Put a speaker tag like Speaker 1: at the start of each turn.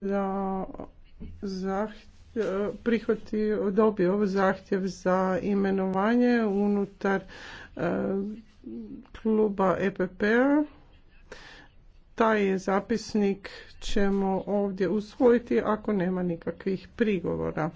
Speaker 1: da zahtje, prihvati, dobio ovaj zahtjev za imenovanje unutar e, kluba EPP-a. Taj je zapisnik ćemo ovdje usvojiti ako nema nikakvih prigovora.